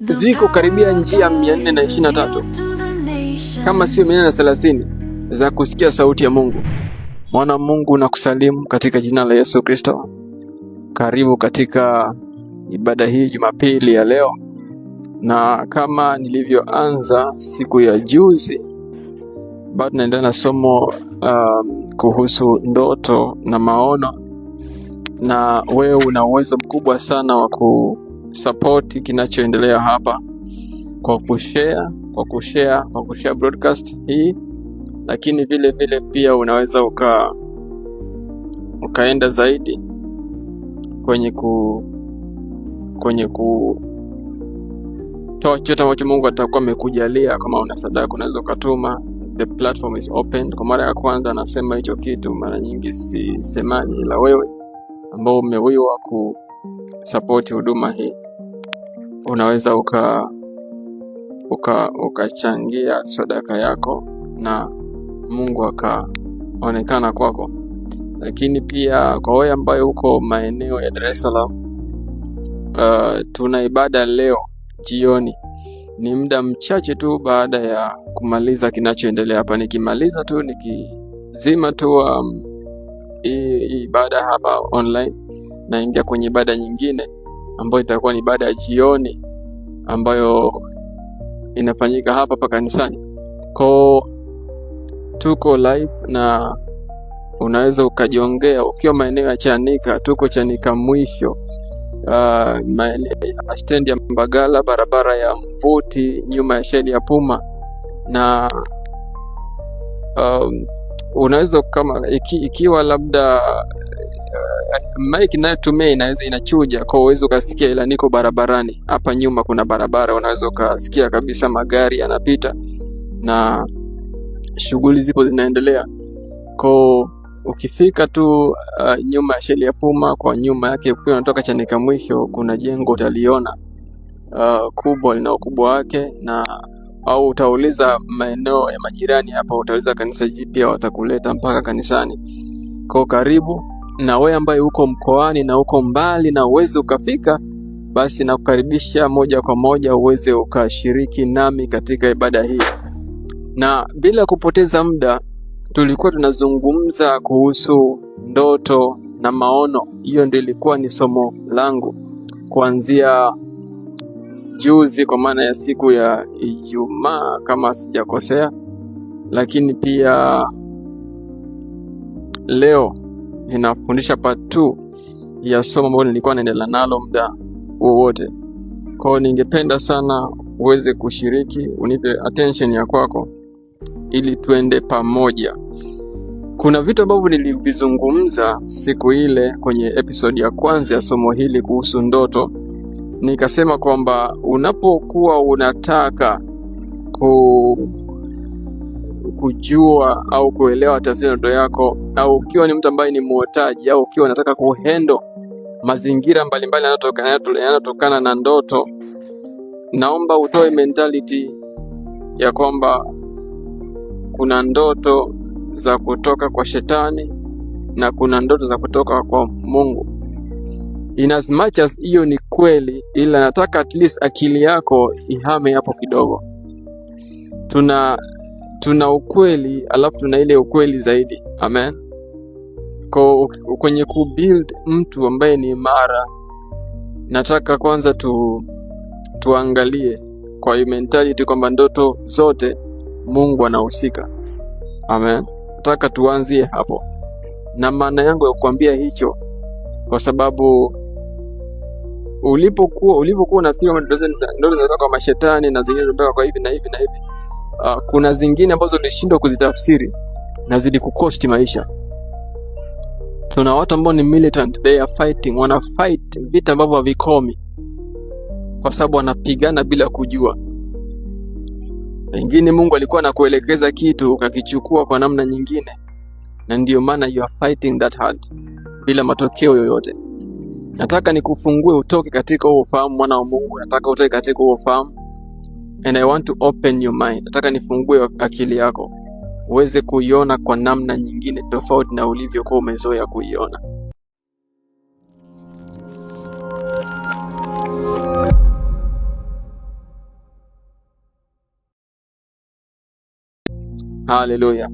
ziko karibia njia 423 kama sio 430 za kusikia sauti ya Mungu. Mwana Mungu na kusalimu katika jina la Yesu Kristo. Karibu katika ibada hii Jumapili ya leo, na kama nilivyoanza siku ya juzi, bado naendelea na somo um, kuhusu ndoto na maono, na wewe una uwezo mkubwa sana wa ku sapoti kinachoendelea hapa kwa kushare, kwa kushare, kwa kushare broadcast hii, lakini vile vile pia unaweza uka ukaenda zaidi kwenye ku kwenye ku toa chote ambacho Mungu atakuwa amekujalia. Kama una sadaka unaweza ukatuma, the platform is open. Kwa mara ya kwanza anasema hicho kitu, mara nyingi sisemaji, la wewe ambao umewiwa ku support huduma hii. Unaweza uka ukachangia sadaka yako na Mungu akaonekana kwako. Lakini pia kwa wewe ambaye uko maeneo ya Dar es Salaam, uh, tuna ibada leo jioni ni muda mchache tu baada ya kumaliza kinachoendelea hapa. Nikimaliza tu nikizima tu um, ibada hapa online naingia kwenye ibada nyingine ambayo itakuwa ni ibada ya jioni ambayo inafanyika hapa hapa kanisani. Kwa tuko live na unaweza ukajiongea ukiwa maeneo ya Chanika. Tuko Chanika mwisho, uh, maeneo ya stendi ya Mbagala, barabara ya Mvuti, nyuma ya sheli ya Puma na um, unaweza kama iki, ikiwa labda mic ninayotumia inaweza inachuja kwa uwezo ukasikia, ila niko barabarani hapa, nyuma kuna barabara, unaweza ukasikia kabisa magari yanapita na shughuli zipo zinaendelea. Kwa ukifika tu uh, nyuma ya sheli ya Puma, kwa nyuma yake ukiwa unatoka Chanika mwisho, kuna jengo utaliona uh, kubwa, lina ukubwa wake na au utauliza maeneo ya majirani hapa, utauliza kanisa jipya, watakuleta mpaka kanisani. Kwa karibu na wewe ambaye uko mkoani na uko mbali na uweze ukafika, basi nakukaribisha moja kwa moja uweze ukashiriki nami katika ibada hii. Na bila kupoteza muda, tulikuwa tunazungumza kuhusu ndoto na maono. Hiyo ndio ilikuwa ni somo langu kuanzia juzi, kwa maana ya siku ya Ijumaa kama sijakosea, lakini pia leo ninafundisha part 2 ya somo ambalo nilikuwa naendelea nalo muda wowote. Kwa hiyo ningependa sana uweze kushiriki, unipe attention ya kwako ili tuende pamoja. Kuna vitu ambavyo nilivizungumza siku ile kwenye episodi ya kwanza ya somo hili kuhusu ndoto. Nikasema kwamba unapokuwa unataka ku kujua au kuelewa tafsiri ya ndoto yako, au ukiwa ni mtu ambaye ni muotaji au ukiwa unataka kuhendo mazingira mbalimbali yanayotokana na ndoto, naomba utoe mentality ya kwamba kuna ndoto za kutoka kwa shetani na kuna ndoto za kutoka kwa Mungu. In as much as hiyo ni kweli, ila nataka at least akili yako ihame hapo kidogo. Tuna tuna ukweli alafu tuna ile ukweli zaidi amen Kwa, kwenye kubuild mtu ambaye ni imara nataka kwanza tu, tuangalie kwa mentality kwamba ndoto zote mungu anahusika amen nataka tuanzie hapo na maana yangu ya kukwambia hicho kwa sababu ulipokuwa ulipokuwa unafikiri ndoto zinatoka kwa mashetani na zingine zinatoka kwa hivi na hivi na hivi uh, kuna zingine ambazo ulishindwa kuzitafsiri na zilikukosti maisha. Tuna watu ambao ni militant, they are fighting, wana fight vita ambavyo havikomi kwa sababu wanapigana bila kujua. Pengine Mungu alikuwa anakuelekeza kitu ukakichukua kwa namna nyingine, na ndiyo maana you are fighting that hard bila matokeo yoyote. Nataka nikufungue utoke katika huo ufahamu, mwana wa Mungu. Nataka utoke katika huo ufahamu and I want to open your mind, nataka nifungue akili yako uweze kuiona kwa namna nyingine tofauti na ulivyokuwa umezoea kuiona. Haleluya!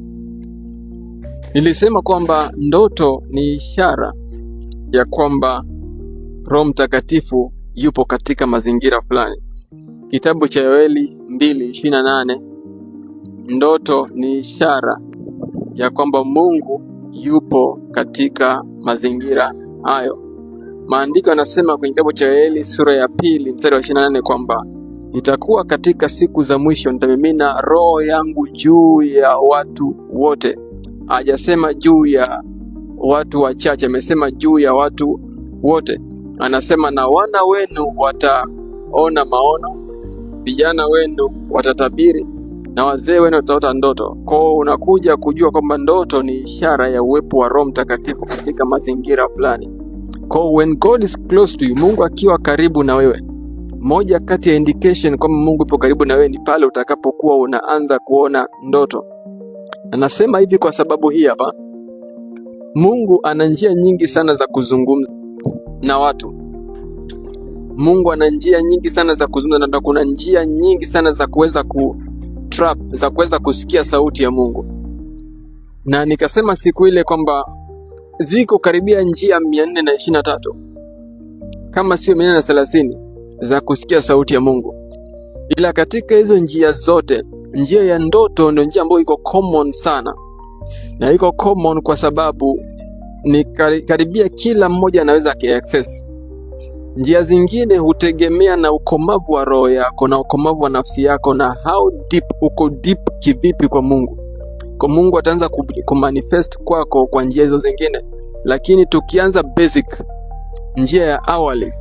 Nilisema kwamba ndoto ni ishara ya kwamba Roho Mtakatifu yupo katika mazingira fulani. Kitabu cha Yoeli mbili nane ndoto ni ishara ya kwamba Mungu yupo katika mazingira hayo. Maandiko yanasema kwenye kitabu cha Yoeli sura ya pili mstari wa ishirini nane kwamba itakuwa katika siku za mwisho nitamimina roho yangu juu ya watu wote. Hajasema juu ya watu wachache, amesema juu ya watu wote. Anasema na wana wenu wataona maono vijana wenu watatabiri na wazee wenu wataota ndoto. Kwao unakuja kujua kwamba ndoto ni ishara ya uwepo wa Roho Mtakatifu katika mazingira fulani. Kwa when God is close to you, Mungu akiwa karibu na wewe, moja kati ya indication kwamba Mungu yupo karibu na wewe ni pale utakapokuwa unaanza kuona ndoto. Anasema hivi kwa sababu hii hapa, Mungu ana njia nyingi sana za kuzungumza na watu Mungu ana njia nyingi sana za kuzungumza na kuna njia nyingi sana za kuweza ku trap, za kuweza kusikia sauti ya Mungu. Na nikasema siku ile kwamba ziko karibia njia 423 kama sio 430 za kusikia sauti ya Mungu, ila katika hizo njia zote njia ya ndoto ndio njia ambayo iko common sana, na iko common kwa sababu ni karibia kila mmoja anaweza akiaccess Njia zingine hutegemea na ukomavu wa roho yako na ukomavu wa nafsi yako na how deep uko deep kivipi kwa Mungu. Kwa Mungu ataanza kumanifest kwako kwa njia hizo zingine, lakini tukianza basic, njia ya awali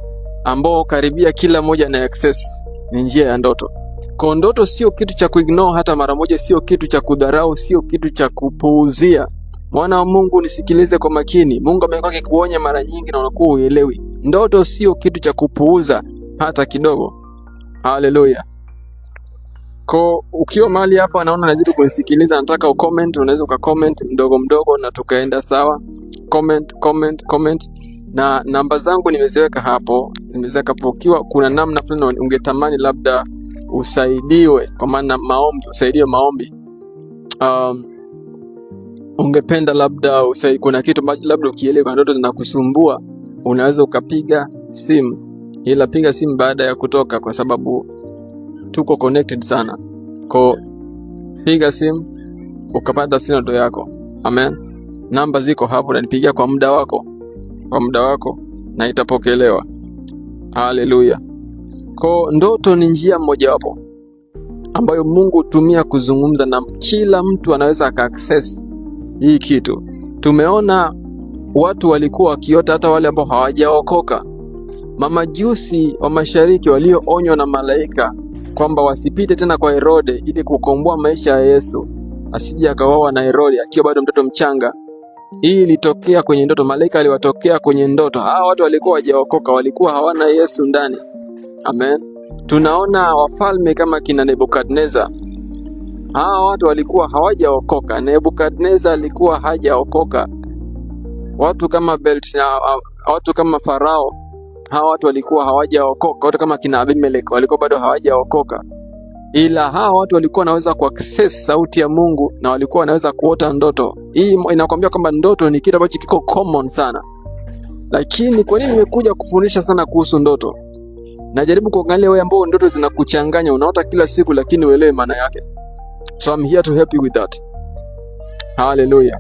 ambao karibia kila moja na access ni njia ya ndoto. Kwa ndoto sio kitu cha kuignore hata mara moja, sio kitu cha kudharau, sio kitu cha kupuuzia. Mwana wa Mungu, nisikilize kwa makini. Mungu amekuwa akikuonya mara nyingi na unakuwa uelewi. Ndoto sio kitu cha kupuuza hata kidogo. Haleluya. Ko, ukiwa mahali hapa naona nazidi kunisikiliza, nataka ucomment, unaweza ukacomment mdogo mdogo na tukaenda sawa. Comment, comment, comment. Na namba zangu nimeziweka hapo, nimeziweka hapo. Ukiwa kuna namna fulani ungetamani labda usaidiwe, kwa maana maombi, usaidiwe maombi. Um, ungependa labda usai, kuna kitu ambacho labda ukielewa kuna ndoto zinakusumbua, unaweza ukapiga simu, ila piga simu baada ya kutoka, kwa sababu tuko connected sana. Kwa piga simu ukapata tafsiri ndoto yako. Amen, namba ziko hapo, nanipigia kwa muda wako, kwa muda wako na itapokelewa. Haleluya! Kwa ndoto ni njia mmojawapo ambayo Mungu hutumia kuzungumza na kila mtu anaweza aka access hii kitu. Tumeona watu walikuwa wakiota, hata wale ambao hawajaokoka, mamajusi wa mashariki walioonywa na malaika kwamba wasipite tena kwa Herode ili kukomboa maisha ya Yesu asije akawawa na Herode akiwa bado mtoto mchanga. Hii ilitokea kwenye ndoto, malaika aliwatokea kwenye ndoto. Hawa watu walikuwa wajaokoka, walikuwa hawana Yesu ndani. Amen. Tunaona wafalme kama kina Nebukadnezar hawa watu walikuwa hawajaokoka. Nebukadneza alikuwa hajaokoka. Watu kama Belt na watu kama Farao, hawa watu walikuwa hawajaokoka. Watu kama kina Abimelech walikuwa bado hawajaokoka, ila hawa watu walikuwa wanaweza access sauti ya Mungu na walikuwa wanaweza kuota ndoto. Hii inakwambia kwamba ndoto ni kitu ambacho kiko common sana. Lakini kwa nini nimekuja kufundisha sana kuhusu ndoto? Najaribu kuangalia wewe ambao ndoto zinakuchanganya, unaota kila siku lakini uelewe maana yake. So I'm here to help you with that. Haleluya.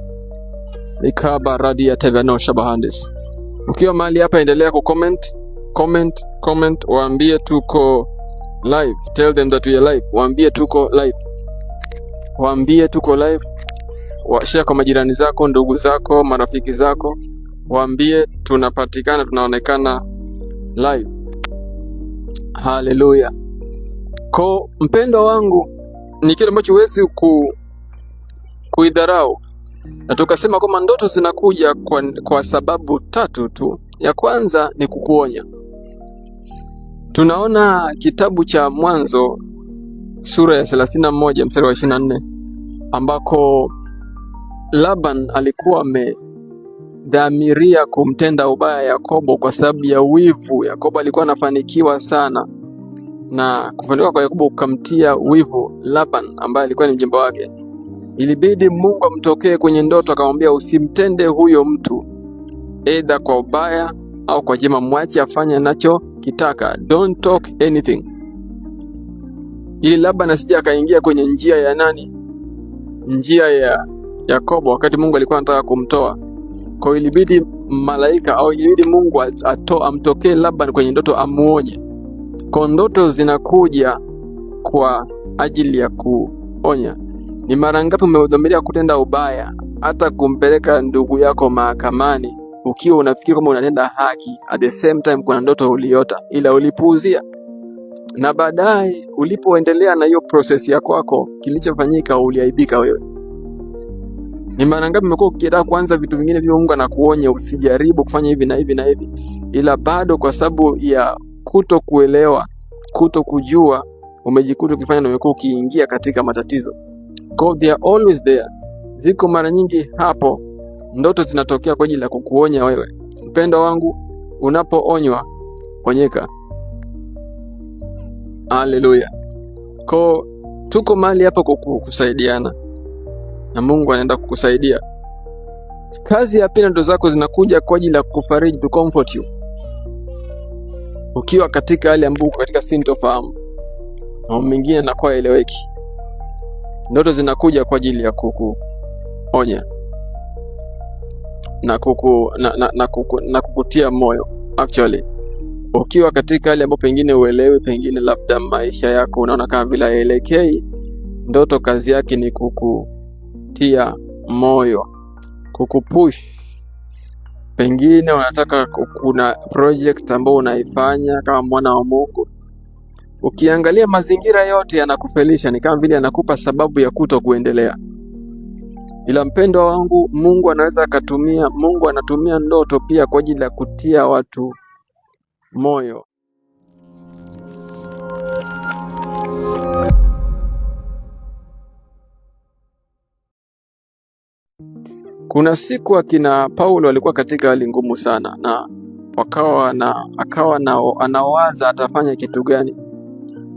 Ikaba radi ya tebeno shabahandis. Ukiwa mahali hapa endelea ku comment, comment, comment, waambie tuko live. Tell them that we are live. Waambie tuko live. Waambie tuko live. Washare kwa majirani zako, ndugu zako, marafiki zako. Waambie tunapatikana, tunaonekana live. Haleluya. Ko mpendo wangu ni kile ambacho huwezi ku, kuidharau na tukasema kwamba ndoto zinakuja kwa, kwa sababu tatu tu. Ya kwanza ni kukuonya. Tunaona kitabu cha Mwanzo sura ya 31 mstari wa 24 ambako Laban alikuwa amedhamiria kumtenda ubaya Yakobo kwa sababu ya wivu. Yakobo alikuwa anafanikiwa sana na kufanikiwa kwa Yakobo kukamtia wivu Laban ambaye alikuwa ni mjomba wake. Ilibidi Mungu amtokee kwenye ndoto akamwambia, usimtende huyo mtu either kwa ubaya au kwa jema, mwache afanye anachokitaka, don't talk anything, ili Laban asije akaingia kwenye njia ya nani, njia ya Yakobo wakati Mungu alikuwa anataka kumtoa. Kwa hiyo ilibidi malaika au ilibidi Mungu amtokee Laban kwenye ndoto amuonye kwa ndoto zinakuja kwa ajili ya kuonya. Ni mara ngapi umedhamiria kutenda ubaya, hata kumpeleka ndugu yako mahakamani, ukiwa unafikiri kama unatenda haki, at the same time kuna ndoto uliota, ila ulipuuzia, na baadaye ulipoendelea na hiyo prosesi ya kwako, kilichofanyika uliaibika wewe. Ni mara ngapi umekuwa ukitaka kuanza vitu vingine vile Mungu kuonya usijaribu kufanya hivi na hivi na hivi, ila bado kwa sababu ya kuto kuelewa, kuto kujua, umejikuta ukifanya na umekuwa ukiingia katika matatizo. God, they are always there. Ziko mara nyingi hapo, ndoto zinatokea kwa ajili ya kukuonya wewe. Mpendo wangu, unapoonywa onyeka. Haleluya. Ko, tuko mali hapo kukusaidiana na Mungu anaenda kukusaidia. Kazi ya pili, ndoto zako zinakuja kwa ajili ya kukufariji, to comfort you ukiwa katika hali ambayo uko katika sintofahamu, mambo mengine anakuwa eleweki Ndoto zinakuja kwa ajili ya kukuonya na, kuku, na, na, na, kuku, na kukutia moyo actually ukiwa katika hali ambayo pengine uelewi, pengine labda maisha yako unaona kama vile elekei Ndoto kazi yake ni kukutia moyo, kukupush Pengine unataka kuna project ambayo unaifanya kama mwana wa Mungu, ukiangalia mazingira yote yanakufelisha, ni kama vile yanakupa sababu ya kuto kuendelea. Ila mpendo wangu, Mungu anaweza akatumia, Mungu anatumia ndoto pia kwa ajili ya kutia watu moyo. Kuna siku akina Paulo alikuwa katika hali ngumu sana, na wakawa na akawa na anawaza atafanya kitu gani,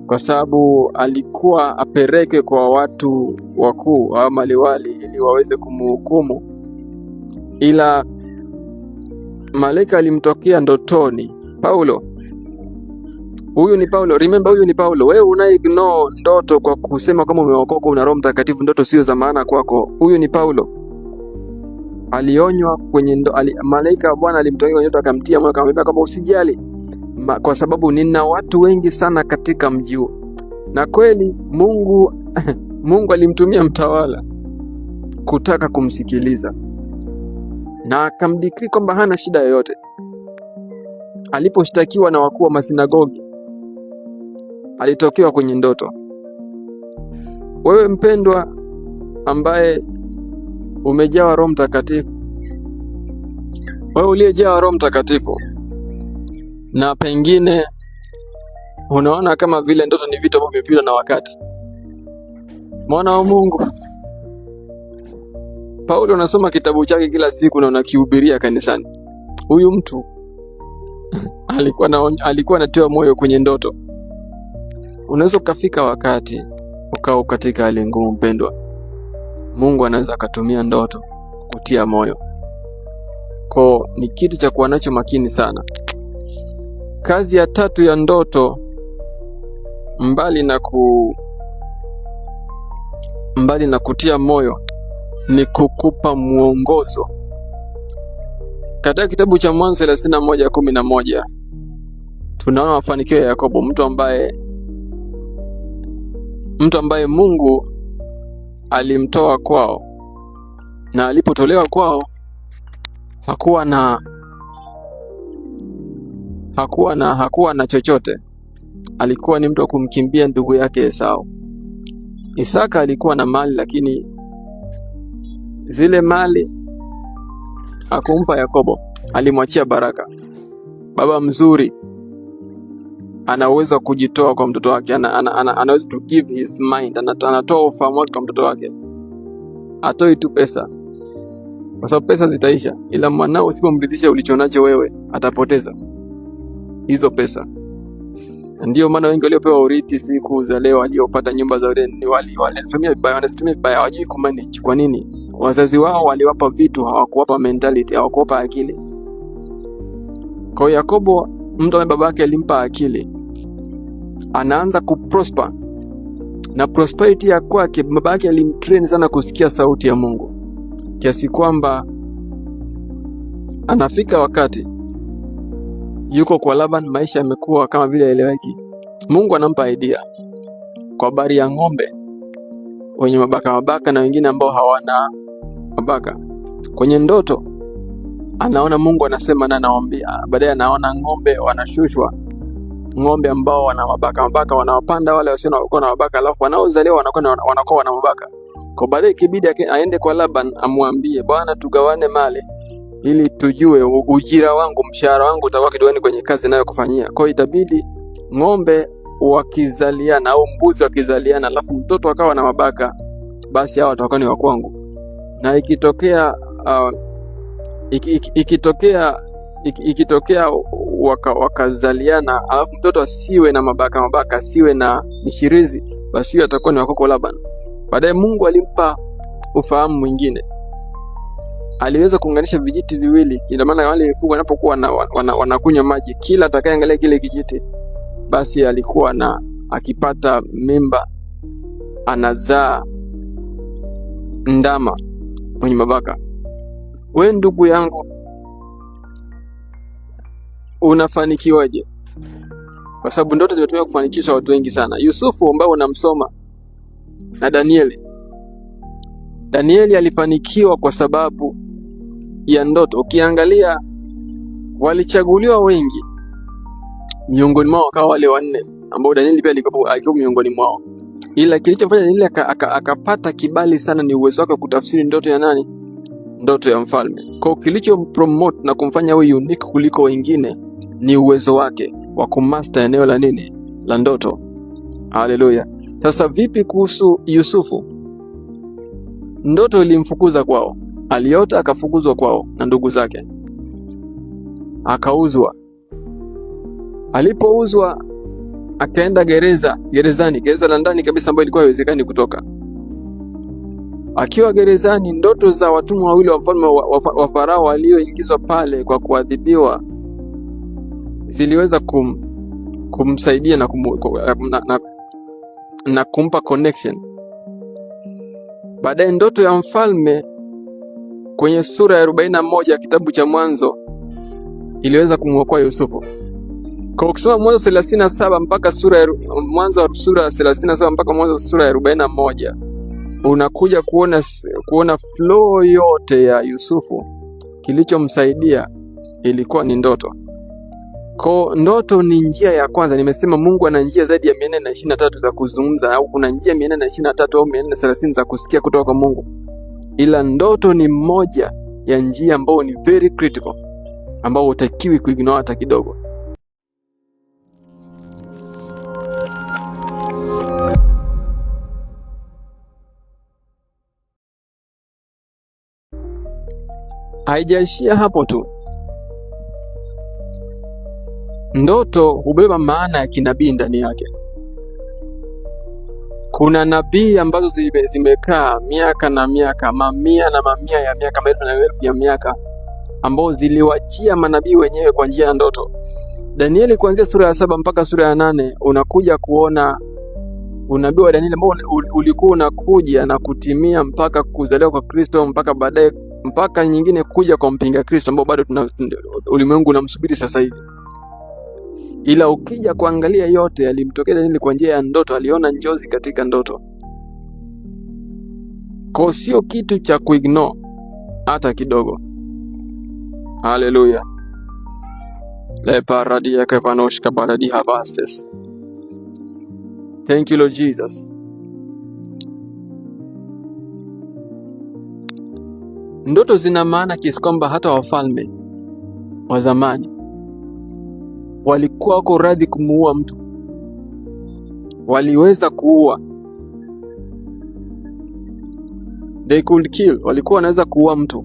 kwa sababu alikuwa apereke kwa watu wakuu au maliwali ili waweze kumhukumu, ila malaika alimtokea ndotoni, Paulo huyu ni Paulo, remember huyu ni Paulo. Wewe una ignore ndoto kwa kusema kama umeokoka, una Roho Mtakatifu, ndoto sio za maana kwako. Huyu ni Paulo alionywa kwenye ndo, ali, malaika wa Bwana alimtokea kwenye ndoto akamtia moyo akamwambia kwamba usijali Ma, kwa sababu nina watu wengi sana katika mji huo. Na kweli Mungu Mungu alimtumia mtawala kutaka kumsikiliza na akamdikiri kwamba hana shida yoyote. Aliposhtakiwa na wakuu wa masinagogi, alitokewa kwenye ndoto. Wewe mpendwa, ambaye umejawa Roho Mtakatifu. Wewe uliyejawa Roho Mtakatifu na pengine unaona kama vile ndoto ni vitu ambavyo vimepita na wakati. Mwana wa Mungu Paulo unasoma kitabu chake kila siku na unakihubiria kanisani. Huyu mtu alikuwa na, alikuwa anatiwa moyo kwenye ndoto. Unaweza ukafika wakati ukao katika hali ngumu, mpendwa. Mungu anaweza akatumia ndoto kutia moyo. Ko ni kitu cha kuwa nacho makini sana. Kazi ya tatu ya ndoto mbali na ku mbali na kutia moyo ni kukupa mwongozo. Katika kitabu cha Mwanzo thelathini na moja kumi na moja tunaona mafanikio ya Yakobo, mtu ambaye mtu ambaye Mungu alimtoa kwao, na alipotolewa kwao hakuwa na hakuwa na hakuwa na chochote. Alikuwa ni mtu wa kumkimbia ndugu yake Esau. Isaka alikuwa na mali, lakini zile mali akumpa Yakobo, alimwachia baraka. Baba mzuri anaweza kujitoa kwa mtoto wake, ana, ana, ana, anaweza to give his mind, anatoa ufahamu wake kwa mtoto wake, atoi tu pesa, kwa sababu pesa zitaisha, ila mwanao usipomridhisha ulichonacho wewe atapoteza hizo pesa. Ndio maana wengi waliopewa urithi siku za leo, waliopata nyumba za urithi wanazitumia vibaya, wanazitumia vibaya, hawajui kumanage. Kwa nini? Wazazi wao waliwapa vitu, hawakuwapa mentality, hawakuwapa akili. Kwa Yakobo, mtu ambaye yake alimpa akili anaanza kuprosper na prosperity ya kwake, baba yake alimtrain sana kusikia sauti ya Mungu kiasi kwamba anafika wakati yuko kwa Laban, maisha yamekuwa kama vile eleweki. Mungu anampa idea kwa habari ya ng'ombe wenye mabaka mabaka na wengine ambao hawana mabaka. Kwenye ndoto anaona Mungu anasema na anawaambia, baadaye anaona ng'ombe wanashushwa ng'ombe ambao wana mabaka mabaka, wanawapanda wale wasio na mabaka, alafu wanaozaliwa wanakuwa wanakuwa wana mabaka. Kwa baadaye kibidi aende kwa Laban amwambie, bwana, tugawane mali ili tujue ujira wangu, mshahara wangu utakuwa kitu kwenye kazi ninayokufanyia. Kwa itabidi ng'ombe wakizaliana au mbuzi wakizaliana, alafu mtoto akawa na mabaka, basi hao watakuwa ni wakwangu Na ikitokea uh, ik, ik, ikitokea ik, ikitokea wakazaliana waka alafu mtoto asiwe na mabaka mabaka, asiwe na mishirizi basi huyo atakuwa ni wakoko Laban. Baadaye Mungu alimpa ufahamu mwingine, aliweza kuunganisha vijiti viwili. Ndio maana wale mifugo wanapokuwa wanakunywa wana, wana, maji, kila atakayeangalia kile kijiti basi alikuwa na akipata mimba anazaa ndama mwenye mabaka. We ndugu yangu unafanikiwaje? Kwa sababu ndoto zimetumika kufanikisha watu wengi sana. Yusufu ambaye unamsoma na Danieli, Danieli alifanikiwa kwa sababu ya ndoto. Ukiangalia walichaguliwa wengi, miongoni mwao wakawa wale wanne ambao Danieli pia alikuwa miongoni mwao, ila kilichofanya Danieli akapata aka, aka kibali sana ni uwezo wake wa kutafsiri ndoto ya nani ndoto ya mfalme. Kwa promote na kumfanya awe unique kuliko wengine ni uwezo wake wa kumaster eneo la nini la ndoto. Haleluya! Sasa vipi kuhusu Yusufu? Ndoto ilimfukuza kwao, aliota akafukuzwa kwao na ndugu zake, akauzwa. Alipouzwa akaenda gereza, gerezani, gereza la ndani kabisa, ambayo ilikuwa haiwezekani kutoka Akiwa gerezani, ndoto za watumwa wawili wa mfalme wa Farao walioingizwa pale kwa kuadhibiwa ziliweza kum, kumsaidia na, kum, eh, na, na, na kumpa connection. Baadaye ndoto ya mfalme kwenye sura ya 41 ya kitabu cha Mwanzo iliweza kumwokoa Yusufu. Kwa kusoma Mwanzo 37 mpaka sura ya Mwanzo sura 37 mpaka Mwanzo sura ya 41 unakuja kuona, kuona flow yote ya Yusufu. Kilichomsaidia ilikuwa ni ndoto. Ko, ndoto ni njia ya kwanza. Nimesema Mungu ana njia zaidi ya 423 za kuzungumza, au kuna njia 423 au 430 za kusikia kutoka kwa Mungu, ila ndoto ni moja ya njia ambayo ni very critical, ambao hutakiwi kuignore hata kidogo. Haijaishia hapo tu. Ndoto hubeba maana ya kinabii ndani yake. Kuna nabii ambazo zimekaa miaka na miaka, mamia na mamia ya miaka, maelfu na maelfu ya miaka, ambao ziliwachia manabii wenyewe kwa njia ya ndoto. Danieli kuanzia sura ya saba mpaka sura ya nane unakuja kuona unabii wa Danieli ambao ulikuwa unakuja na kutimia mpaka kuzaliwa kwa Kristo mpaka baadaye mpaka nyingine kuja kwa mpinga Kristo ambao bado ulimwengu unamsubiri sasa hivi. Ila ukija kuangalia yote alimtokea Danieli kwa njia ya ndoto, aliona njozi katika ndoto. Kwa sio kitu cha kuignore hata kidogo. Haleluya. Le paradi kevanoshka Thank you Lord Jesus. Ndoto zina maana kiasi kwamba hata wafalme wa zamani walikuwa wako radhi kumuua mtu, waliweza kuua, they could kill, walikuwa wanaweza kuua mtu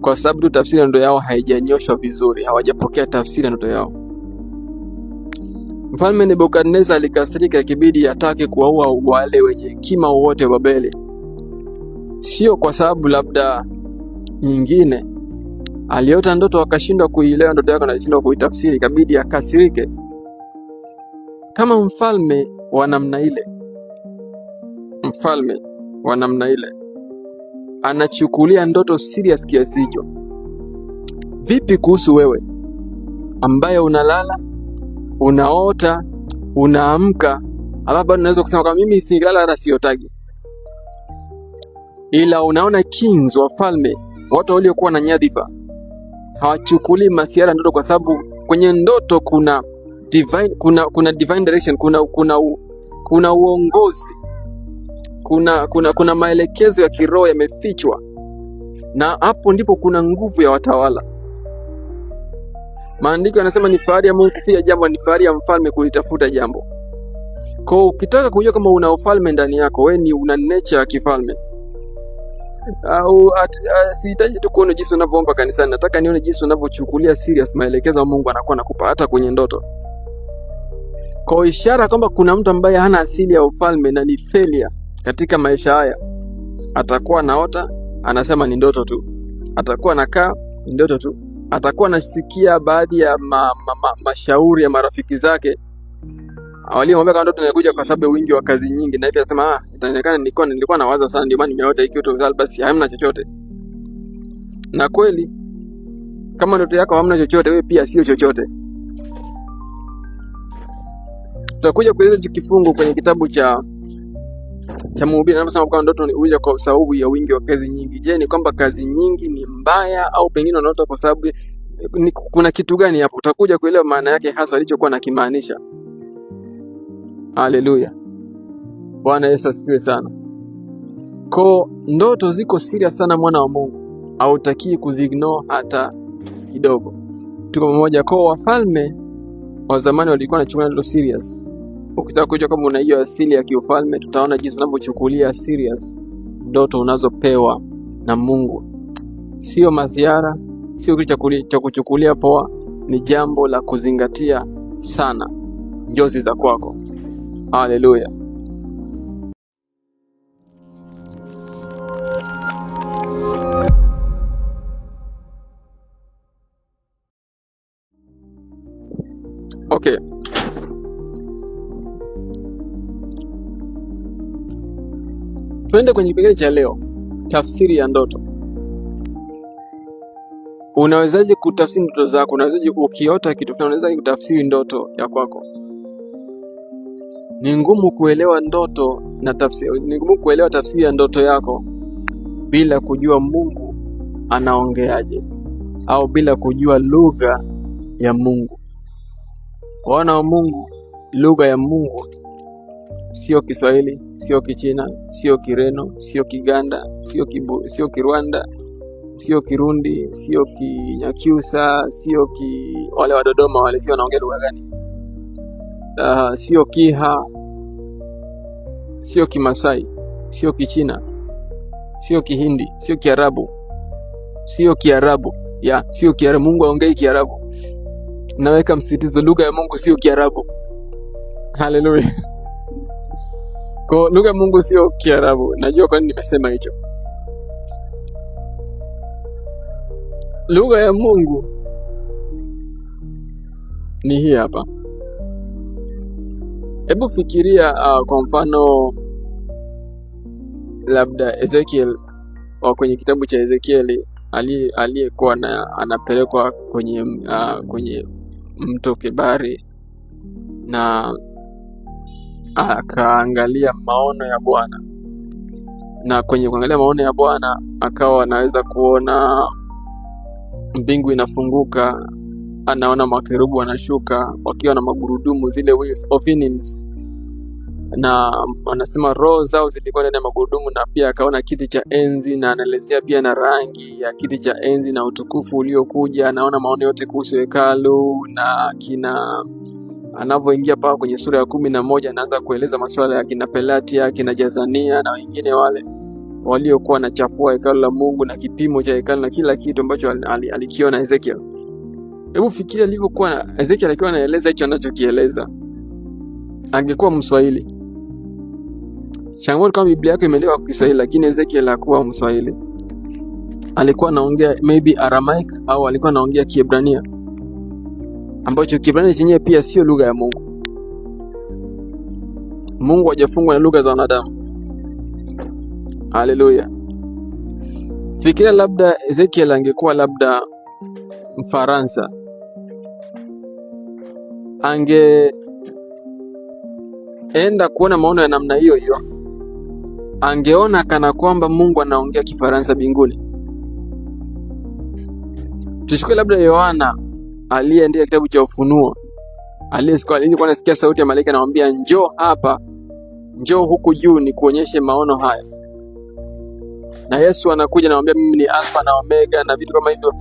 kwa sababu tu tafsiri ya ndoto yao haijanyoshwa vizuri, hawajapokea tafsiri ya ndoto yao. Mfalme Nebukadnezar alikasirika, ikibidi atake kuwaua wale wenye kima wote wa Babeli sio kwa sababu labda nyingine aliota ndoto akashindwa kuielewa ndoto yake, anashindwa kuitafsiri, ikabidi akasirike. Kama mfalme wa namna ile, mfalme wa namna ile anachukulia ndoto serious kiasi hicho, vipi kuhusu wewe ambaye unalala, unaota, unaamka, alafu bado unaweza kusema kama mimi singilala hata siotagi? Ila unaona kings, wafalme, watu waliokuwa na nyadhifa hawachukuli masiara ndoto, kwa sababu kwenye ndoto kuna divine, kuna, kuna divine direction, kuna, kuna, kuna uongozi kuna, kuna, kuna maelekezo ya kiroho yamefichwa, na hapo ndipo kuna nguvu ya watawala. Maandiko yanasema ni fahari ya Mungu kufia jambo, ni fahari ya mfalme kulitafuta jambo. Kwa ukitaka kujua kama una ufalme ndani yako, wewe ni una nature ya kifalme au uh, sihitaji tu kuona jinsi unavyoomba kanisani, nataka nione jinsi unavyochukulia serious maelekezo ya Mungu anakuwa nakupa hata kwenye ndoto, kwa ishara kwamba kuna mtu ambaye hana asili ya ufalme na ni failure katika maisha haya. Atakuwa naota anasema ni ndoto tu, atakuwa nakaa ni ndoto tu, atakuwa anasikia baadhi ya ma, ma, ma, mashauri ya marafiki zake walioomba kama ndoto inakuja kwa sababu wingi wa kazi nyingi, na hivyo nasema ah, itaonekana nilikuwa nilikuwa nawaza sana, ndio maana nimeota hiki kitu mzal, basi hamna chochote. Na kweli kama ndoto yako hamna chochote, wewe pia sio chochote. Tutakuja kueleza kifungu kwenye kitabu cha cha Mhubiri anaposema kwamba ndoto huja kwa sababu ya wingi wa kazi nyingi. Je, ni kwamba kazi nyingi ni mbaya au pengine unaota kwa sababu kuna kitu gani hapo? Utakuja kuelewa maana yake hasa alichokuwa nakimaanisha. Haleluya, Bwana Yesu asifiwe sana. Ko, ndoto ziko serious sana, mwana wa Mungu, hautakii kuziignore hata kidogo. Tuko pamoja. Ko, wafalme wa zamani walikuwa wanachukulia ndoto serious. Ukitaka kujua kama una hiyo asili ya kiufalme, tutaona jinsi unavyochukulia serious ndoto unazopewa na Mungu. Sio maziara, sio kitu cha kuchukulia poa, ni jambo la kuzingatia sana. Njozi za kwako. Haleluya. Okay. Tuende kwenye kipengele cha leo, tafsiri ya ndoto. Unawezaje kutafsiri ndoto zako? Unawezaje ukiota kitu fulani, unawezaje kutafsiri ndoto ya kwako? Ni ngumu kuelewa ndoto na tafsiri, ni ngumu kuelewa tafsiri ya ndoto yako bila kujua Mungu anaongeaje au bila kujua lugha ya Mungu. Wana wa Mungu, lugha ya Mungu sio Kiswahili, sio Kichina, sio Kireno, sio Kiganda, sio Kibu, sio Kirwanda, sio Kirundi, sio Kinyakyusa, sio ki wale wa Dodoma wale, sio wanaongea lugha gani? uh, sio Kiha, sio Kimasai, sio Kichina, sio Kihindi, sio Kiarabu, sio Kiarabu ya sio Kiarabu. Mungu aongei Kiarabu, naweka msitizo, lugha ya Mungu sio Kiarabu. Haleluya! ko lugha ya Mungu sio Kiarabu. Najua kwani nimesema hicho. Lugha ya Mungu ni hii hapa. Hebu fikiria uh, kwa mfano labda Ezekiel wa kwenye kitabu cha Ezekieli aliyekuwa anapelekwa kwenye uh, kwenye mto Kebari na akaangalia maono ya Bwana, na kwenye kuangalia maono ya Bwana akawa anaweza kuona mbingu inafunguka anaona makerubu wanashuka wakiwa na magurudumu zile wheels na anasema roho zao zilikuwa ndani ya magurudumu, na pia akaona kiti cha enzi, na anaelezea pia na rangi ya kiti cha enzi na utukufu uliokuja. Anaona maono yote kuhusu hekalu na kina anavyoingia paka kwenye sura ya kumi na moja anaanza kueleza masuala ya kina Pelatia, kina Jazania na wengine wale waliokuwa wanachafua hekalu la Mungu na kipimo cha hekalu na kila kitu ambacho alikiona Ezekiel. Hebu fikiria alivyokuwa Ezekiel akiwa anaeleza hicho anachokieleza, angekuwa Mswahili. Changamoto kama Biblia yako imeelewa Kiswahili, lakini Ezekiel hakuwa Mswahili, alikuwa anaongea maybe Aramaic au alikuwa anaongea Kiebrania, ambacho Kiebrania chenyewe pia sio lugha ya Mungu. Mungu hajafungwa na lugha za wanadamu. Haleluya! Fikiria labda Ezekiel angekuwa labda Mfaransa angeenda kuona maono ya namna hiyo hiyo, angeona kana kwamba Mungu anaongea Kifaransa binguni. Tuchukue labda Yohana aliyeandika kitabu cha Ufunuo, aliyekuwa anasikia sauti ya malaika anamwambia, njoo hapa, njoo huku juu, ni kuonyeshe maono haya na Yesu anakuja anamwambia mimi ni Alfa na Omega na vitu kama hivyo.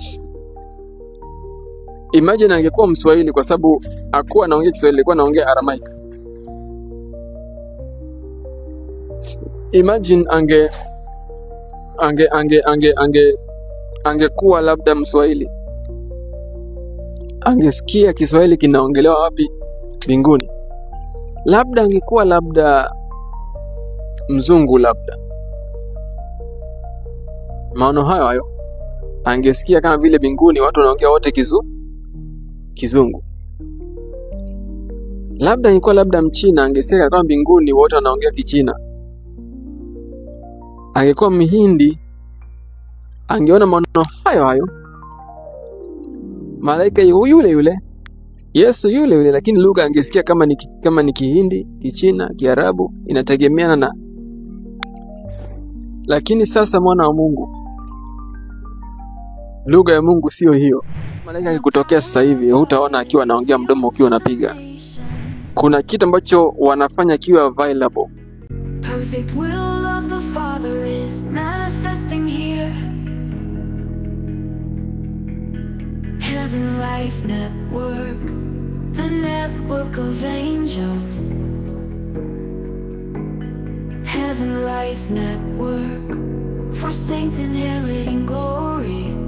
Imagine angekuwa Mswahili kwa sababu akuwa anaongea Kiswahili, alikuwa anaongea Aramaik. Imagine ange ange ange ange ange angekuwa labda Mswahili, angesikia Kiswahili kinaongelewa wapi mbinguni. Labda angekuwa labda mzungu, labda maono hayo hayo angesikia kama vile binguni watu wanaongea wote kizuu kizungu. Labda ingekuwa labda mchina angesema kama mbinguni wote wanaongea Kichina, angekuwa mhindi angeona maono hayo hayo, malaika yule yule, Yesu yule yule, lakini lugha angesikia kama ni, kama ni Kihindi, Kichina, Kiarabu, inategemeana na. Lakini sasa mwana wa Mungu, lugha ya Mungu siyo hiyo malaika akikutokea sasa hivi hutaona akiwa anaongea mdomo ukiwa unapiga. Kuna kitu ambacho wanafanya kiwe available. Heaven Life Network, the network of angels. Heaven Life Network, for saints inheriting glory.